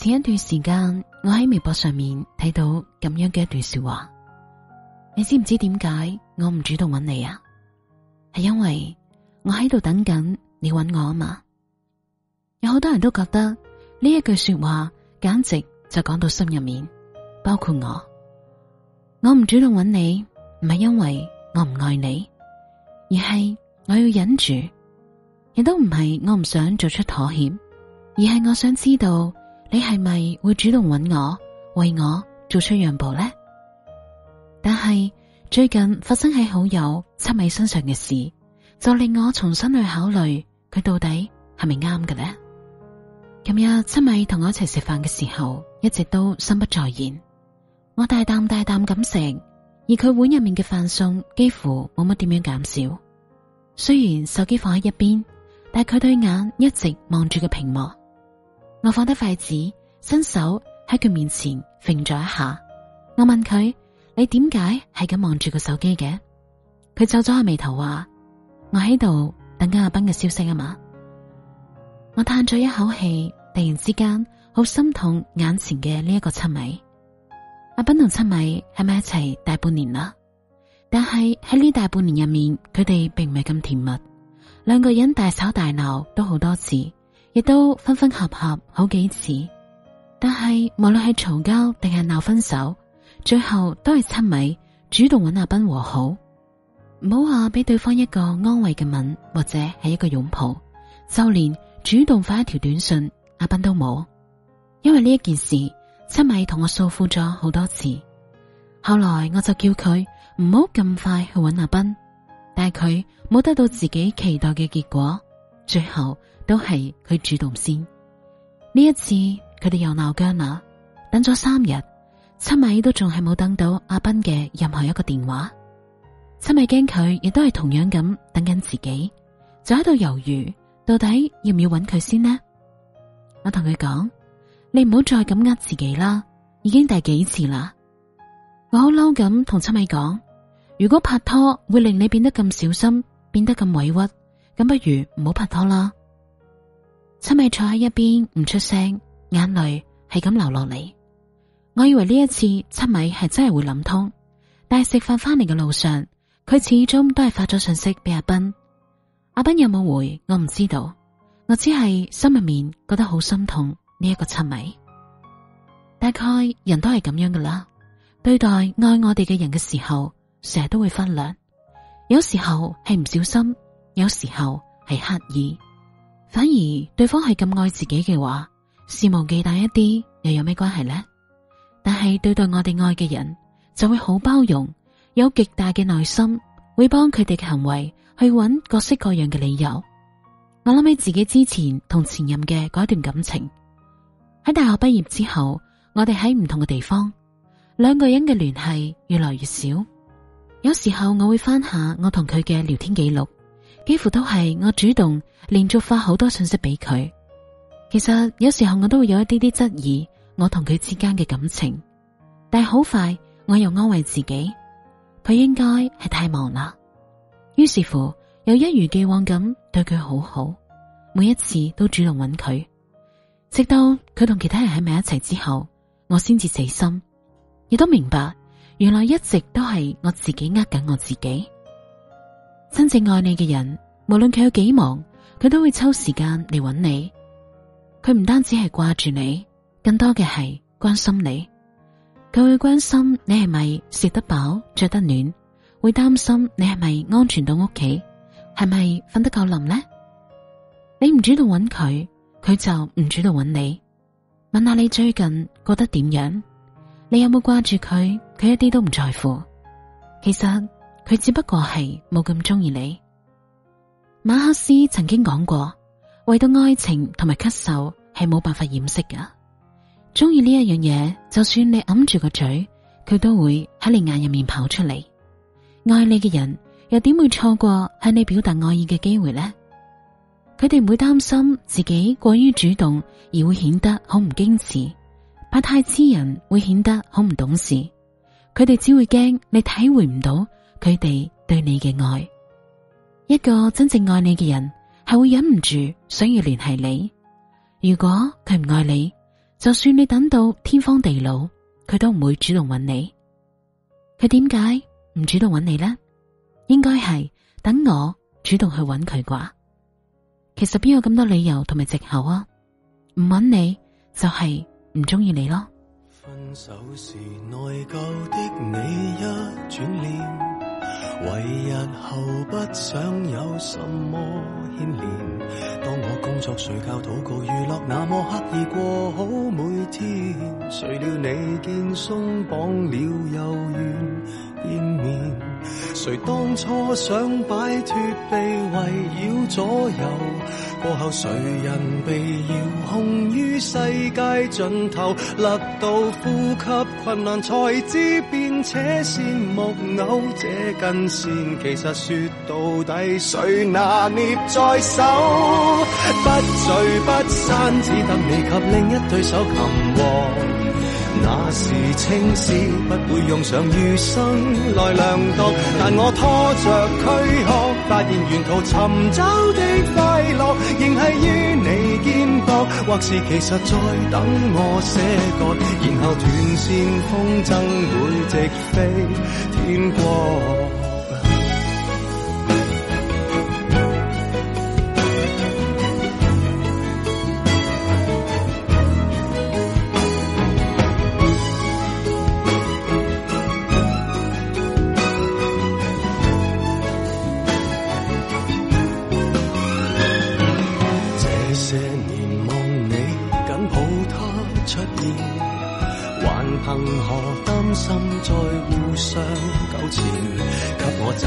前一段時間，我喺微博上面睇到咁樣嘅一段說話，你知唔知點解我唔主動揾你啊？係因為我喺度等緊你揾我啊嘛。有好多人都覺得呢一句說話簡直就講到心入面，包括我。我唔主動揾你，唔係因為我唔愛你，而係我要忍住，亦都唔係我唔想做出妥協，而係我想知道。你係咪會主動揾我，為我做出讓步呢？但係最近發生喺好友七米身上嘅事，就令我重新去考慮佢到底係咪啱嘅呢？琴日七米同我一齊食飯嘅時候，一直都心不在焉。我大啖大啖咁食，而佢碗入面嘅飯餸幾乎冇乜點樣減少。雖然手機放喺一邊，但佢對眼一直望住個屏幕。我放低筷子，伸手喺佢面前揈咗一下。我問佢：你點解係咁望住個手機嘅？佢皺咗下眉頭話：我喺度等緊阿斌嘅消息啊嘛。我嘆咗一口氣，突然之間好心痛眼前嘅呢一個七米。阿斌同七米喺埋一齊大半年啦，但係喺呢大半年入面，佢哋並唔係咁甜蜜，兩個人大吵大鬧都好多次。亦都分分合合好幾次，但係無論係嘈交定係鬧分手，最後都係七米主動揾阿斌和好，唔好話俾對方一個安慰嘅吻或者係一個擁抱，就連主動發一條短信，阿斌都冇。因為呢一件事，七米同我訴苦咗好多次。後來我就叫佢唔好咁快去揾阿斌，但係佢冇得到自己期待嘅結果，最後。都係佢主動先。呢一次佢哋又鬧僵啦。等咗三日，七米都仲係冇等到阿斌嘅任何一個電話。七米驚佢，亦都係同樣咁等緊自己，就喺度猶豫「到底要唔要揾佢先呢？」我同佢講：「你唔好再咁呃自己啦，已經第幾次啦？我好嬲咁同七米講：「如果拍拖會令你變得咁小心，變得咁委屈，咁不如唔好拍拖啦。七米坐喺一邊唔出聲，眼淚係咁流落嚟。我以為呢一次七米係真係會諗通，但係食飯翻嚟嘅路上，佢始終都係發咗信息俾阿斌。阿斌有冇回我唔知道，我只係心入面覺得好心痛呢一個七米。大概人都係咁樣噶啦，對待愛我哋嘅人嘅時候，成日都會忽略，有時候係唔小心，有時候係刻意。反而對方係咁愛自己嘅話，肆無忌憚一啲又有咩關係呢？但係對待我哋愛嘅人，就會好包容，有極大嘅耐心，會幫佢哋嘅行為去揾各式各樣嘅理由。我諗起自己之前同前任嘅嗰一段感情，喺大學畢業之後，我哋喺唔同嘅地方，兩個人嘅聯繫越來越少。有時候我會翻下我同佢嘅聊天記錄。幾乎都係我主動連續發好多信息俾佢。其實有時候我都會有一啲啲質疑我同佢之間嘅感情，但係好快我又安慰自己，佢應該係太忙啦。於是乎，又一如既往咁對佢好好，每一次都主動揾佢。直到佢同其他人喺埋一齊之後，我先至死心，亦都明白，原來一直都係我自己呃緊我自己。真正愛你嘅人，無論佢有幾忙，佢都會抽時間嚟揾你。佢唔單止係掛住你，更多嘅係關心你。佢會關心你係咪食得飽、着得暖，會擔心你係咪安全到屋企，係咪瞓得夠冧咧。你唔主動揾佢，佢就唔主動揾你。問下你最近過得點樣，你有冇掛住佢？佢一啲都唔在乎。其實，佢只不過係冇咁中意你。馬克思曾經講過，為到愛情同埋咳嗽係冇辦法掩飾噶。中意呢一樣嘢，就算你揞住個嘴，佢都會喺你眼入面跑出嚟。愛你嘅人又點會錯過向你表達愛意嘅機會呢？佢哋唔會擔心自己過於主動而會顯得好唔矜持，怕太癡人會顯得好唔懂事。佢哋只會驚你體會唔到，佢哋對你嘅愛，一個真正愛你嘅人係會忍唔住想要聯繫你。如果佢唔愛你，就算你等到天荒地老，佢都唔會主動揾你。佢點解唔主動揾你呢？應該係等我主動去揾佢啩？其實邊有咁多理由同埋借口啊？唔揾你就係唔中意你咯。分手時內疚的你一轉臉。為日後不想有什麼牽連，當我工作、睡覺、禱告、娛樂，那麼刻意過好每天，誰料你見鬆綁了又願見面？誰當初想擺脫被圍繞左右，過後誰人被遙控於世界盡頭，勒到呼吸困難才知變。扯線木偶，這根線，其實說到底，誰拿捏在手，不聚不散，只等你及另一對手擒獲。是青絲，時時不會用上餘生來量度。但我拖着軀殼，發現沿途尋找的快樂，仍繫於你肩膊。或是其實在等我捨割，然後斷線風箏會直飛天國。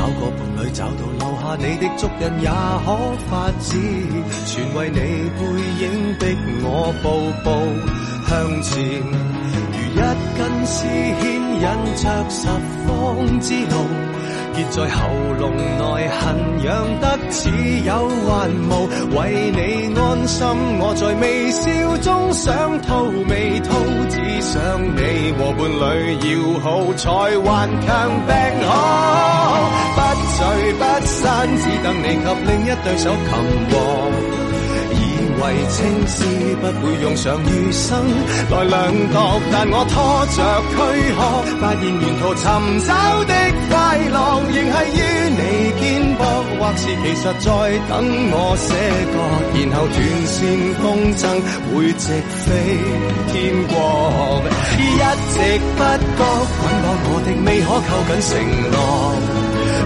找個伴侶，找到留下你的足印也可發指。全為你背影逼我步步向前，如一根絲牽引着十方之路。憋在喉嚨內，痕癢得似有還無。為你安心，我在微笑中想吐未吐，只想你和伴侶要好，才頑強病好不聚不散，只等你及另一對手擒獲。為情詩不會用上餘生來量度，但我拖着軀殼，發現沿途尋找的快樂，仍繫於你肩膊。或是其實在等我寫歌，然後斷線風箏會直飛天光。一直不覺捆綁我的，未可扣緊承諾。